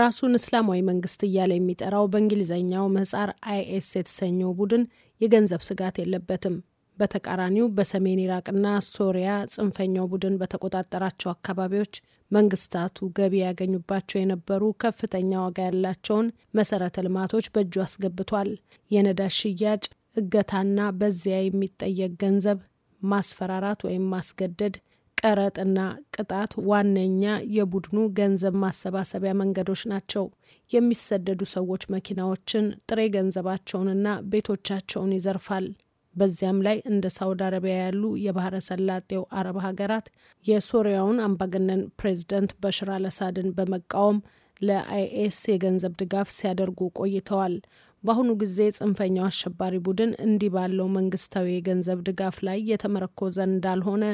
ራሱን እስላማዊ መንግስት እያለ የሚጠራው በእንግሊዝኛው ምህጻር አይኤስ የተሰኘው ቡድን የገንዘብ ስጋት የለበትም። በተቃራኒው በሰሜን ኢራቅና ሶሪያ ጽንፈኛው ቡድን በተቆጣጠራቸው አካባቢዎች መንግስታቱ ገቢ ያገኙባቸው የነበሩ ከፍተኛ ዋጋ ያላቸውን መሰረተ ልማቶች በእጁ አስገብቷል። የነዳጅ ሽያጭ፣ እገታና በዚያ የሚጠየቅ ገንዘብ ማስፈራራት ወይም ማስገደድ ቀረጥና ቅጣት ዋነኛ የቡድኑ ገንዘብ ማሰባሰቢያ መንገዶች ናቸው። የሚሰደዱ ሰዎች መኪናዎችን፣ ጥሬ ገንዘባቸውንና ቤቶቻቸውን ይዘርፋል። በዚያም ላይ እንደ ሳውዲ አረቢያ ያሉ የባህረ ሰላጤው አረብ ሀገራት የሶሪያውን አምባገነን ፕሬዚደንት በሽር አልአሳድን በመቃወም ለአይኤስ የገንዘብ ድጋፍ ሲያደርጉ ቆይተዋል። በአሁኑ ጊዜ ጽንፈኛው አሸባሪ ቡድን እንዲህ ባለው መንግስታዊ የገንዘብ ድጋፍ ላይ የተመረኮዘ እንዳልሆነ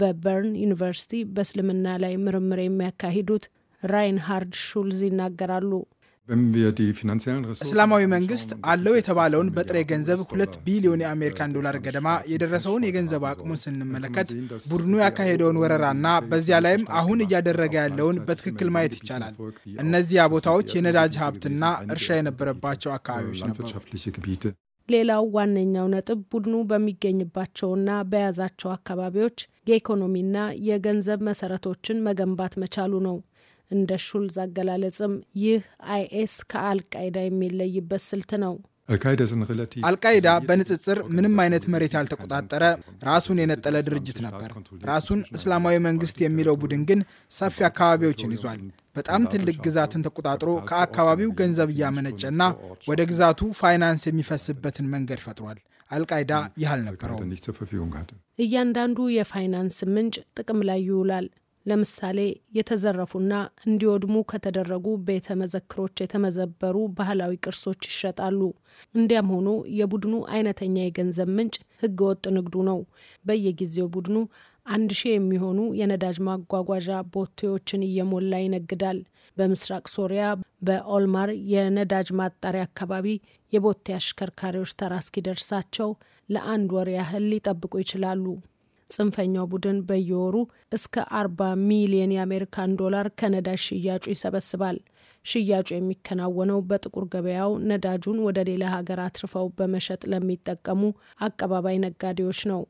በበርን ዩኒቨርሲቲ በእስልምና ላይ ምርምር የሚያካሂዱት ራይንሃርድ ሹልዝ ይናገራሉ። እስላማዊ መንግስት አለው የተባለውን በጥሬ ገንዘብ ሁለት ቢሊዮን የአሜሪካን ዶላር ገደማ የደረሰውን የገንዘብ አቅሙን ስንመለከት ቡድኑ ያካሄደውን ወረራና በዚያ ላይም አሁን እያደረገ ያለውን በትክክል ማየት ይቻላል። እነዚያ ቦታዎች የነዳጅ ሀብትና እርሻ የነበረባቸው አካባቢዎች ነበሩ። ሌላው ዋነኛው ነጥብ ቡድኑ በሚገኝባቸውና በያዛቸው አካባቢዎች የኢኮኖሚና የገንዘብ መሰረቶችን መገንባት መቻሉ ነው። እንደ ሹልዝ አገላለጽም ይህ አይኤስ ከአልቃይዳ የሚለይበት ስልት ነው። አልቃይዳ በንጽጽር ምንም አይነት መሬት ያልተቆጣጠረ ራሱን የነጠለ ድርጅት ነበር። ራሱን እስላማዊ መንግስት የሚለው ቡድን ግን ሰፊ አካባቢዎችን ይዟል። በጣም ትልቅ ግዛትን ተቆጣጥሮ ከአካባቢው ገንዘብ እያመነጨና ወደ ግዛቱ ፋይናንስ የሚፈስበትን መንገድ ፈጥሯል። አልቃይዳ ይህ አልነበረውም። እያንዳንዱ የፋይናንስ ምንጭ ጥቅም ላይ ይውላል። ለምሳሌ የተዘረፉና እንዲወድሙ ከተደረጉ ቤተ መዘክሮች የተመዘበሩ ባህላዊ ቅርሶች ይሸጣሉ። እንዲያም ሆኖ የቡድኑ አይነተኛ የገንዘብ ምንጭ ህገወጥ ንግዱ ነው። በየጊዜው ቡድኑ አንድ ሺህ የሚሆኑ የነዳጅ ማጓጓዣ ቦቴዎችን እየሞላ ይነግዳል። በምስራቅ ሶሪያ በኦልማር የነዳጅ ማጣሪያ አካባቢ የቦቴ አሽከርካሪዎች ተራ እስኪደርሳቸው ለአንድ ወር ያህል ሊጠብቁ ይችላሉ። ጽንፈኛው ቡድን በየወሩ እስከ 40 ሚሊዮን የአሜሪካን ዶላር ከነዳጅ ሽያጩ ይሰበስባል። ሽያጩ የሚከናወነው በጥቁር ገበያው ነዳጁን ወደ ሌላ ሀገር አትርፈው በመሸጥ ለሚጠቀሙ አቀባባይ ነጋዴዎች ነው።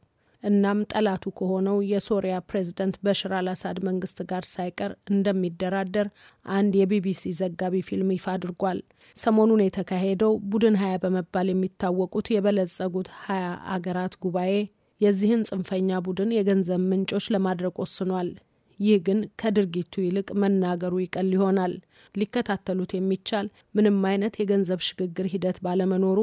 እናም ጠላቱ ከሆነው የሶሪያ ፕሬዝደንት በሽር አልአሳድ መንግስት ጋር ሳይቀር እንደሚደራደር አንድ የቢቢሲ ዘጋቢ ፊልም ይፋ አድርጓል። ሰሞኑን የተካሄደው ቡድን ሀያ በመባል የሚታወቁት የበለጸጉት ሀያ አገራት ጉባኤ የዚህን ጽንፈኛ ቡድን የገንዘብ ምንጮች ለማድረግ ወስኗል። ይህ ግን ከድርጊቱ ይልቅ መናገሩ ይቀል ይሆናል። ሊከታተሉት የሚቻል ምንም አይነት የገንዘብ ሽግግር ሂደት ባለመኖሩ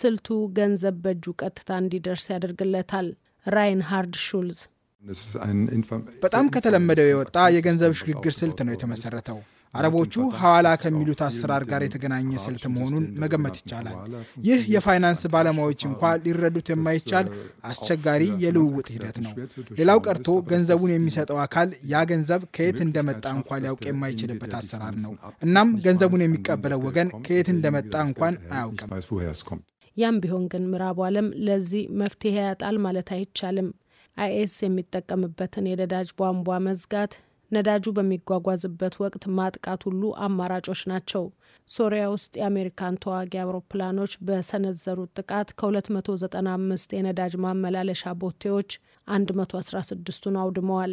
ስልቱ ገንዘብ በእጁ ቀጥታ እንዲደርስ ያደርግለታል። ራይንሃርድ ሹልዝ በጣም ከተለመደው የወጣ የገንዘብ ሽግግር ስልት ነው የተመሰረተው። አረቦቹ ሐዋላ ከሚሉት አሰራር ጋር የተገናኘ ስልት መሆኑን መገመት ይቻላል። ይህ የፋይናንስ ባለሙያዎች እንኳ ሊረዱት የማይቻል አስቸጋሪ የልውውጥ ሂደት ነው። ሌላው ቀርቶ ገንዘቡን የሚሰጠው አካል ያ ገንዘብ ከየት እንደመጣ እንኳ ሊያውቅ የማይችልበት አሰራር ነው። እናም ገንዘቡን የሚቀበለው ወገን ከየት እንደመጣ እንኳን አያውቅም። ያም ቢሆን ግን ምዕራቡ ዓለም ለዚህ መፍትሄ ያጣል ማለት አይቻልም። አይኤስ የሚጠቀምበትን የነዳጅ ቧንቧ መዝጋት ነዳጁ በሚጓጓዝበት ወቅት ማጥቃት ሁሉ አማራጮች ናቸው። ሶሪያ ውስጥ የአሜሪካን ተዋጊ አውሮፕላኖች በሰነዘሩት ጥቃት ከ295 የነዳጅ ማመላለሻ ቦቴዎች 116ቱን አውድመዋል።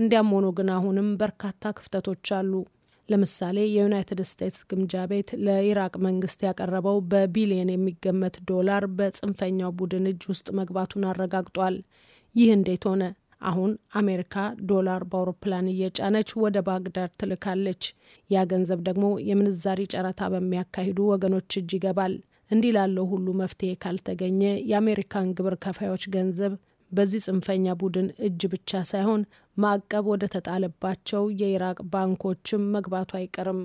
እንዲያም ሆኖ ግን አሁንም በርካታ ክፍተቶች አሉ። ለምሳሌ የዩናይትድ ስቴትስ ግምጃ ቤት ለኢራቅ መንግስት ያቀረበው በቢሊየን የሚገመት ዶላር በጽንፈኛው ቡድን እጅ ውስጥ መግባቱን አረጋግጧል። ይህ እንዴት ሆነ? አሁን አሜሪካ ዶላር በአውሮፕላን እየጫነች ወደ ባግዳድ ትልካለች። ያ ገንዘብ ደግሞ የምንዛሪ ጨረታ በሚያካሂዱ ወገኖች እጅ ይገባል። እንዲህ ላለው ሁሉ መፍትሄ ካልተገኘ የአሜሪካን ግብር ከፋዮች ገንዘብ በዚህ ጽንፈኛ ቡድን እጅ ብቻ ሳይሆን ማዕቀብ ወደ ተጣለባቸው የኢራቅ ባንኮችም መግባቱ አይቀርም።